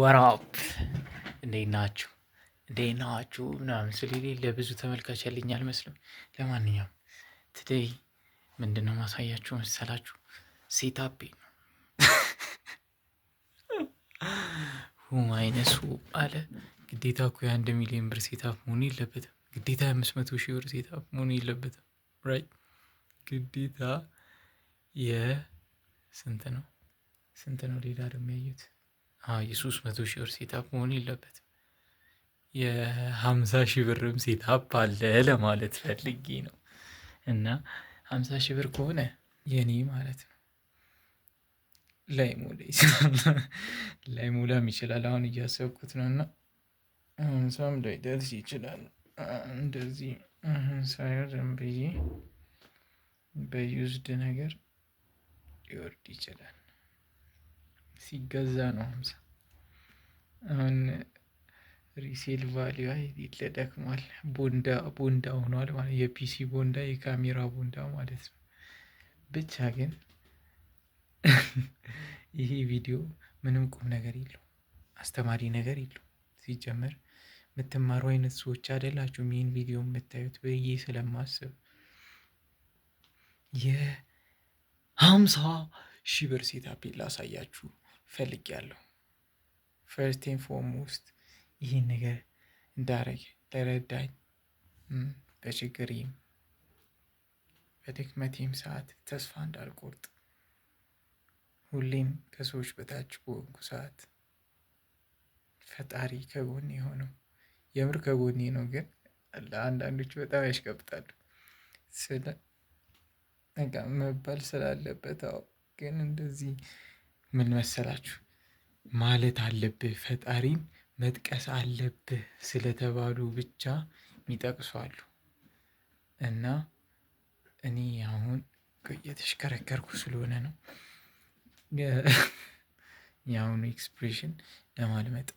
ወራፕ እንዴት ናችሁ? እንዴት ናችሁ? ምናምን ስለሌ ለብዙ ተመልካች ያለኝ አልመስልም። ለማንኛውም ትደይ ምንድን ነው ማሳያችሁ መሰላችሁ? ሴታፔ ነው አለ ግዴታ እኮ የአንድ ሚሊዮን ብር ሴታፕ መሆን የለበትም። ግዴታ የአምስት መቶ ሺህ ብር ሴታፕ መሆን የለበትም። ራይ ግዴታ የስንት ነው ስንት ነው ሌላ ደግሞ የሶስት መቶ ሺህ ብር ሴታፕ መሆን የለበትም። የሀምሳ ሺህ ብርም ሴታፕ አለ ለማለት ፈልጌ ነው። እና ሀምሳ ሺህ ብር ከሆነ የኔ ማለት ነው ላይ ሞላ ይችላል፣ ላይ ሞላም ይችላል። አሁን እያሰብኩት ነው። እና ሰም ላይ ደርስ ይችላል። እንደዚህ ሳይሆን ብዬ በዩዝድ ነገር ሊወርድ ይችላል። ሲገዛ ነው ሀምሳ አሁን ሪሴል ቫሊዋ የሌለ ደክሟል። ቦንዳ ቦንዳ ሆኗል ማለት የፒሲ ቦንዳ የካሜራ ቦንዳ ማለት ነው። ብቻ ግን ይሄ ቪዲዮ ምንም ቁም ነገር የለው፣ አስተማሪ ነገር የለው። ሲጀመር የምትማሩ አይነት ሰዎች አይደላችሁም ይህን ቪዲዮ የምታዩት ብዬ ስለማስብ የሀምሳ ሺህ ብር ሴታፔ ላሳያችሁ። ፈልጌያለሁ። ፈርስት ኤንድ ፎርሞስት ይህን ነገር እንዳረግ ለረዳኝ በችግሬም በድክመቴም ሰዓት ተስፋ እንዳልቆርጥ ሁሌም ከሰዎች በታች በሆንኩ ሰዓት ፈጣሪ ከጎኔ የሆነው የምር ከጎኔ ነው። ግን ለአንዳንዶች በጣም ያሽቀብጣሉ። ስለ በቃ መባል ስላለበት አዎ፣ ግን እንደዚህ ምን መሰላችሁ ማለት አለብህ ፈጣሪን መጥቀስ አለብህ ስለተባሉ ብቻ ይጠቅሷሉ። አሉ። እና እኔ አሁን የተሽከረከርኩ ስለሆነ ነው የአሁኑ ኤክስፕሬሽን ለማልመጥ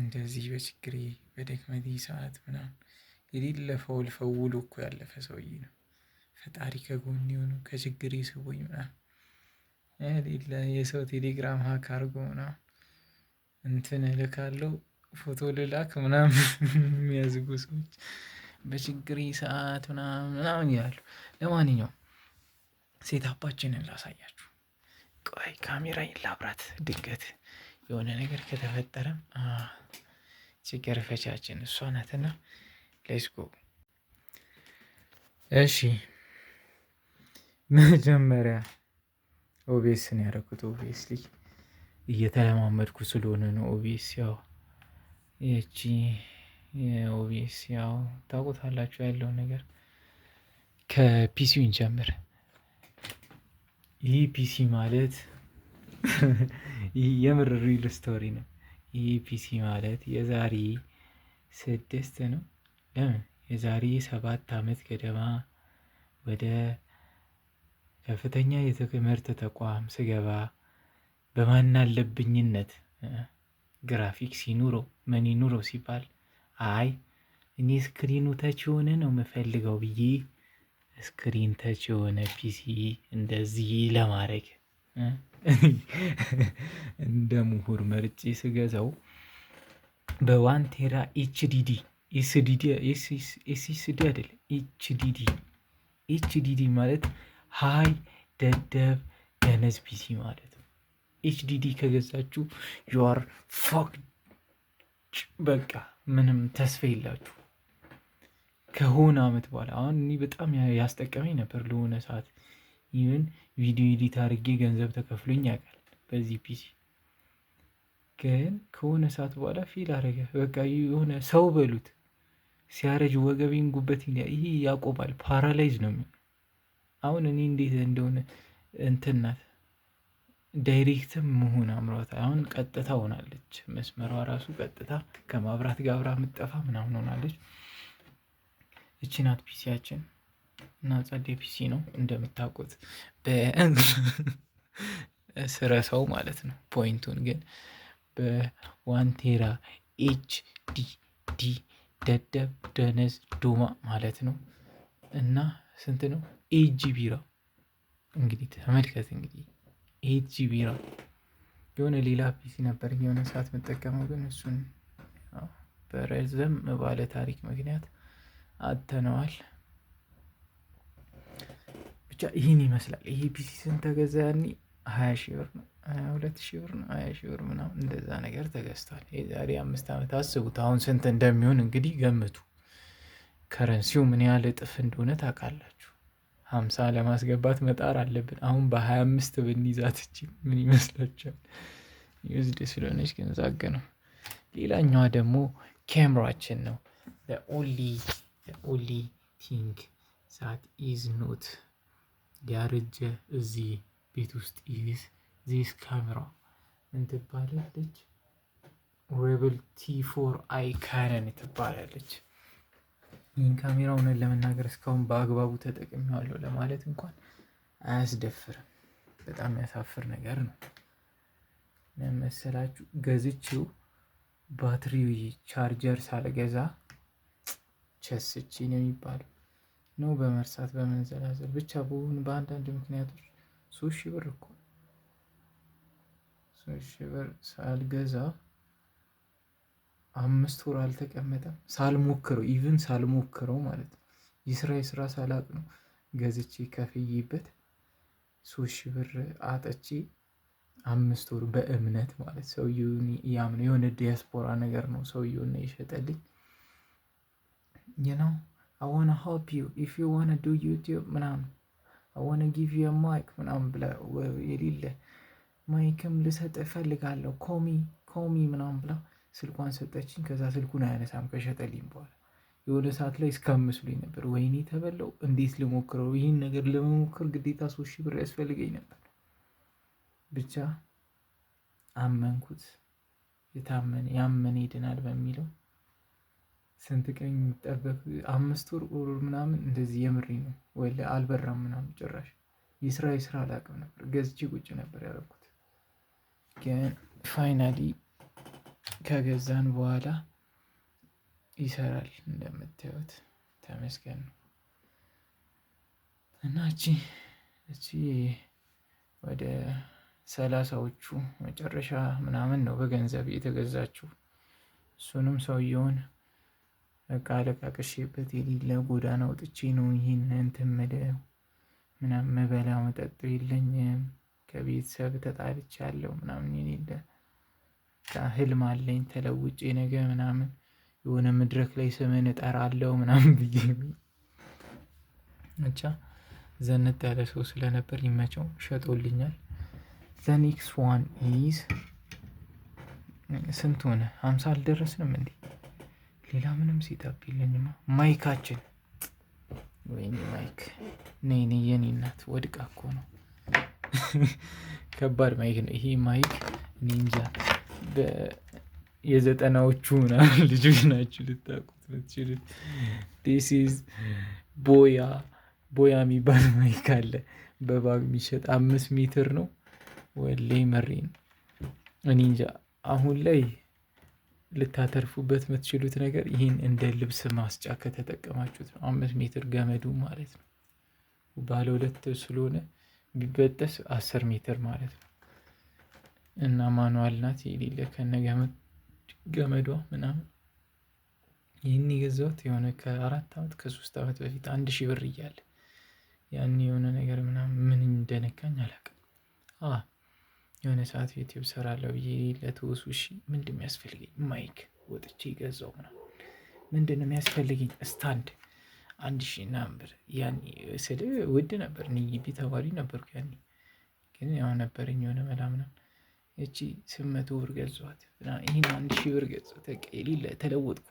እንደዚህ በችግሬ በደክመቴ ሰዓት ምናምን የሌለ ፈውል ፈውሎ እኮ ያለፈ ሰውዬ ነው። ፈጣሪ ከጎን የሆኑ ከችግሬ ሰዎች ምናምን የሰው ቴሌግራም ሀክ አድርጎ ምናምን እንትን እልካለሁ ፎቶ ልላክ ምናምን የሚያዝጉ ሰዎች በችግር ሰዓት ምናምን ምናምን ይላሉ። ለማንኛውም ሴት አባችንን ላሳያችሁ። ቆይ ካሜራ ላብራት፣ ድንገት የሆነ ነገር ከተፈጠረም ችግር ፈቻችን እሷ ናትና፣ ሌስጎ እሺ መጀመሪያ ኦቤስ ነው ያደረኩት። ኦቤስ እየተለማመድኩ ስለሆነ ነው። ኦቤስ ያው ይቺ ኦቤስ ያው ታውቁታላችሁ ያለውን ነገር ከፒሲው ጀምር። ይህ ፒሲ ማለት የምር ሪል ስቶሪ ነው። ይህ ፒሲ ማለት የዛሬ ስድስት ነው ለምን የዛሬ ሰባት ዓመት ገደማ ወደ ከፍተኛ የትምህርት ተቋም ስገባ በማናለብኝነት ግራፊክ ሲኑሮ ምን ይኑሮ ሲባል አይ እኔ ስክሪኑ ተች የሆነ ነው የምፈልገው ብዬ ስክሪን ተች የሆነ ፒሲ እንደዚህ ለማድረግ እንደ ምሁር መርጬ ስገዛው በዋን ቴራ ኤችዲዲ ኤስዲዲ ኤስሲዲ አይደለም ኤችዲዲ ኤችዲዲ ማለት ሀይ ደደብ ደነዝ ቢሲ ማለት ነው። ኤችዲዲ ከገዛችሁ ዩአር ፎክ በቃ ምንም ተስፋ የላችሁ። ከሆነ አመት በኋላ አሁን እኔ በጣም ያስጠቀመኝ ነበር ለሆነ ሰዓት ይህን ቪዲዮ ኤዲት አድርጌ ገንዘብ ተከፍሎኝ ያውቃል በዚህ ፒሲ። ግን ከሆነ ሰዓት በኋላ ፊል አረገ በቃ የሆነ ሰው በሉት ሲያረጅ ወገቤን ጉበት ይሄ ያቆማል፣ ፓራላይዝ ነው የሚሆን አሁን እኔ እንዴት እንደሆነ እንትን ናት ዳይሬክትም መሆን አምሯታል። አሁን ቀጥታ ሆናለች። መስመሯ ራሱ ቀጥታ ከማብራት ጋር አብራ የምጠፋ ምናምን ሆናለች። እቺ ናት ፒሲያችን እና ጸዴ ፒሲ ነው እንደምታውቁት በስረሰው ማለት ነው። ፖይንቱን ግን በዋንቴራ ኤች ዲ ዲ ደደብ ደነዝ ዶማ ማለት ነው እና ስንት ነው? ኤጂ ቢራ እንግዲህ ተመልከት። እንግዲህ ኤጂ ቢራ የሆነ ሌላ ፒሲ ነበር የሆነ ሰዓት መጠቀመው፣ ግን እሱን በረዘም ባለ ታሪክ ምክንያት አተነዋል። ብቻ ይህን ይመስላል። ይሄ ፒሲ ስንት ተገዛ ያኔ? ሀያ ሺህ ብር ነው፣ ሀያ ሁለት ሺህ ብር ነው፣ ሀያ ሺህ ብር ምናምን እንደዛ ነገር ተገዝቷል። የዛሬ አምስት ዓመት አስቡት። አሁን ስንት እንደሚሆን እንግዲህ ገምቱ። ከረንሲው ምን ያህል እጥፍ እንደሆነ ታውቃላችሁ። ሀምሳ ለማስገባት መጣር አለብን። አሁን በሀያ አምስት ብንይዛት እቺ ምን ይመስላችኋል? ዩዝድ ስለሆነች ግን ዛግ ነው። ሌላኛዋ ደግሞ ካሜራችን ነው። ኦንሊ ኦንሊ ቲንግ ዛት ኢዝ ኖት ያረጀ እዚህ ቤት ውስጥ ኢዝ ዚስ ካሜራ ምን ትባላለች? ሬብል ቲ ፎር አይ ካነን ትባላለች። ይህን ካሜራ እውነት ለመናገር እስካሁን በአግባቡ ተጠቅሜዋለሁ ለማለት እንኳን አያስደፍርም። በጣም ያሳፍር ነገር ነው መሰላችሁ። ገዝቼው ባትሪ ቻርጀር ሳልገዛ ቸስቼ ነው ነው በመርሳት በመንዘላዘል ብቻ በሆኑ በአንዳንድ ምክንያቶች ሶስት ሺህ ብር እኮ ሶስት ሺህ ብር ሳልገዛ አምስት ወር አልተቀመጠም ሳልሞክረው ኢቭን ሳልሞክረው ማለት ነው። የስራ የስራ ሳላቅ ነው ገዝቼ ከፍዬበት ሶስት ሺህ ብር አጠቼ አምስት ወር በእምነት ማለት ሰውየው ያምነው የሆነ ዲያስፖራ ነገር ነው ሰውየውን የሸጠልኝ ነው አዋነ ሀልፕ ዩ ኢፍ ዩ ዋነ ዱ ዩቲዩብ ምናምን አዋነ ጊቭ ዩ ማይክ ምናምን ብላ የሌለ ማይክም ልሰጥ እፈልጋለሁ ኮሚ ኮሚ ምናምን ብላ ስልኳን ሰጠችኝ። ከዛ ስልኩን አያነሳም ከሸጠልኝ በኋላ የሆነ ሰዓት ላይ እስከምስሉኝ ነበር። ወይኔ ተበላው፣ እንዴት ልሞክረው? ይህን ነገር ለመሞከር ግዴታ ሶስት ሺህ ብር ያስፈልገኝ ነበር። ብቻ አመንኩት። የታመነ ያመነ ይድናል በሚለው ስንት ቀን የሚጠበቅ አምስት ወር ኦር ምናምን እንደዚህ የምሪ ነው ወይ አልበራም ምናምን ጭራሽ የስራ የስራ አላቅም ነበር ገዝቼ ቁጭ ነበር ያደረኩት። ግን ፋይናሊ ከገዛን በኋላ ይሰራል። እንደምታዩት ተመስገን ነው። እና እቺ እቺ ወደ ሰላሳዎቹ መጨረሻ ምናምን ነው በገንዘብ የተገዛችው። እሱንም ሰውየውን በቃ አለቃቅሼበት የሌለ ጎዳና ወጥቼ ነው ይህን እንትን ምለው ምናምን መበላ መጠጡ የለኝም። ከቤተሰብ ተጣልቻለሁ ምናምን የሌለ ህልም አለኝ ተለውጬ ነገ ምናምን የሆነ መድረክ ላይ ስምን እጠራለሁ ምናምን ብዬ ብቻ ዘንጥ ያለ ሰው ስለነበር ይመቸው ሸጦልኛል። ዘኔክስ ዋን ኢዝ ስንት ሆነ? ሀምሳ አልደረስንም እንዴ? ሌላ ምንም ሲጠብ ማይካችን ወይኔ ማይክ ነይኔ የኔ እናት ወድቃ እኮ ነው። ከባድ ማይክ ነው ይሄ ማይክ። ኒንጃ የዘጠናዎቹ ምናምን ልጆች ናቸው ልታቁት ምትችሉት። ዲሲዝ ቦያ ቦያ የሚባል ማይክ አለ በባግ የሚሸጥ አምስት ሜትር ነው። ወሌ መሪ ነው። እኔ እንጃ አሁን ላይ ልታተርፉበት የምትችሉት ነገር ይህን እንደ ልብስ ማስጫ ከተጠቀማችሁት ነው። አምስት ሜትር ገመዱ ማለት ነው። ባለ ሁለት ስለሆነ ቢበጠስ አስር ሜትር ማለት ነው። እና ማኑዋል ናት የሌለ ከነ ገመዷ ምናምን። ይህን የገዛሁት የሆነ ከአራት ዓመት ከሶስት ዓመት በፊት አንድ ሺህ ብር እያለ ያኔ የሆነ ነገር ምናምን ምን እንደነካኝ አላውቅም። የሆነ ሰዓት ዩቲዩብ ሰራለሁ ብዬ ለተወሱ እሺ ምንድን የሚያስፈልገኝ ማይክ ወጥቼ ገዛው ምናምን። ምንድን የሚያስፈልገኝ ስታንድ አንድ ሺህ ምናምን ብር ያኔ ስል ውድ ነበር። ንይቢ ግቢ ተማሪ ነበርኩ ያኔ ግን ያው ነበረኝ የሆነ መላ ምናምን እቺ ስምንት ብር ገዟት ይህን አንድ ሺ ብር ገጽ ተቀሌለ ተለወጥኩ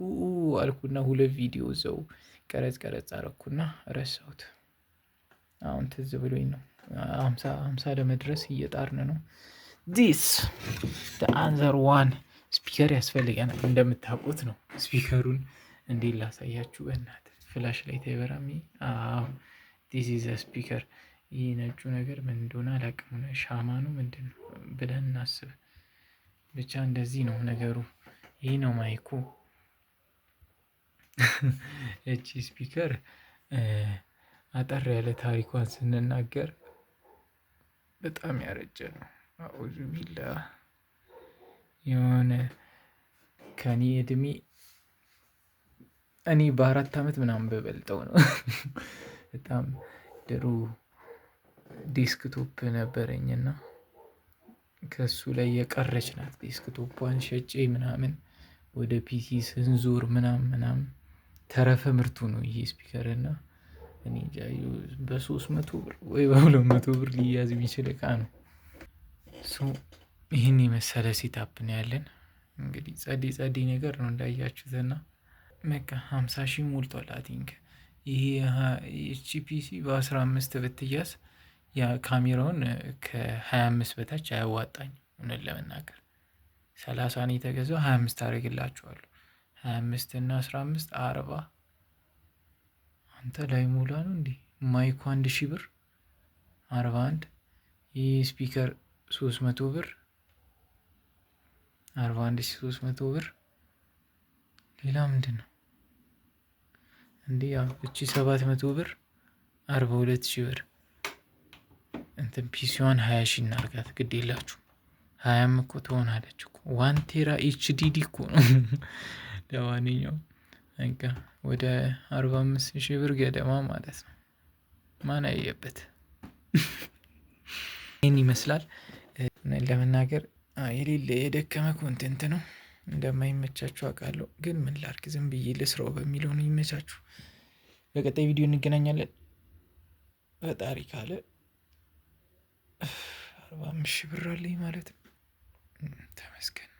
አልኩና ሁለት ቪዲዮ ዘው ቀረጽ ቀረጽ አረኩና ረሳሁት። አሁን ትዝ ብሎኝ ነው። ሀምሳ ለመድረስ እየጣርን ነው። ዲስ አንዘር ዋን ስፒከር ያስፈልገናል። እንደምታውቁት ነው። ስፒከሩን እንዴት ላሳያችሁ? በእናት ፍላሽ ላይ ተበራሚ ዲስ ኢዝ ስፒከር ይህ ነጩ ነገር ምን እንደሆነ አላውቅም። ሻማ ነው ብለን እናስብ። ብቻ እንደዚህ ነው ነገሩ። ይህ ነው ማይኩ። እቺ ስፒከር አጠር ያለ ታሪኳን ስንናገር በጣም ያረጀ ነው። አዑዙ ቢላ የሆነ ከኔ እድሜ እኔ በአራት ዓመት ምናምን በበልጠው ነው በጣም ድሩ ዴስክቶፕ ነበረኝና ከሱ ላይ የቀረች ናት። ዴስክቶፑን ሸጬ ምናምን ወደ ፒሲ ስንዞር ምናም ምናም ተረፈ ምርቱ ነው ይሄ ስፒከር እና እኔ እንጃ በሶስት መቶ ብር ወይ በሁለት መቶ ብር ሊያዝ የሚችል እቃ ነው። ይህን የመሰለ ሴታፕ ነው ያለን። እንግዲህ ጸዴ ጸዴ ነገር ነው እንዳያችሁትና በቃ ሀምሳ ሺህ ሞልቷል። አይ ቲንክ ይሄ ፒሲ በአስራ አምስት ብትያዝ ካሜራውን ከ25 በታች አያዋጣኝ እውነት ለመናገር 30 ነው የተገዛው። 25 አምስት 25 እና 15 40 አንተ ላይ ሞላ ነው እንዴ? ማይኩ አንድ ሺህ ብር 41 ይህ ስፒከር 300 ብር 41 ሺህ መቶ ብር ሌላ ምንድን ነው እንዲህ ያው እቺ 700 ብር 42 ሺህ ብር እንትን ፒሲዋን ሀያ ሺ እናርጋት ግድ የላችሁ ሀያም እኮ ትሆናለች እኮ ዋን ቴራ ኤችዲዲ እኮ ነው። ለማንኛውም በቃ ወደ አርባ አምስት ሺ ብር ገደማ ማለት ነው። ማን አየበት ይህን ይመስላል። ለመናገር የሌለ የደከመ ኮንቴንት ነው። እንደማይመቻችሁ አውቃለሁ፣ ግን ምን ላድርግ ዝም ብዬ ልስራው በሚለው ነው። ይመቻችሁ። በቀጣይ ቪዲዮ እንገናኛለን ፈጣሪ ካለ አርባ አምስት ሺህ ብር አለኝ ማለት ነው። ተመስገን።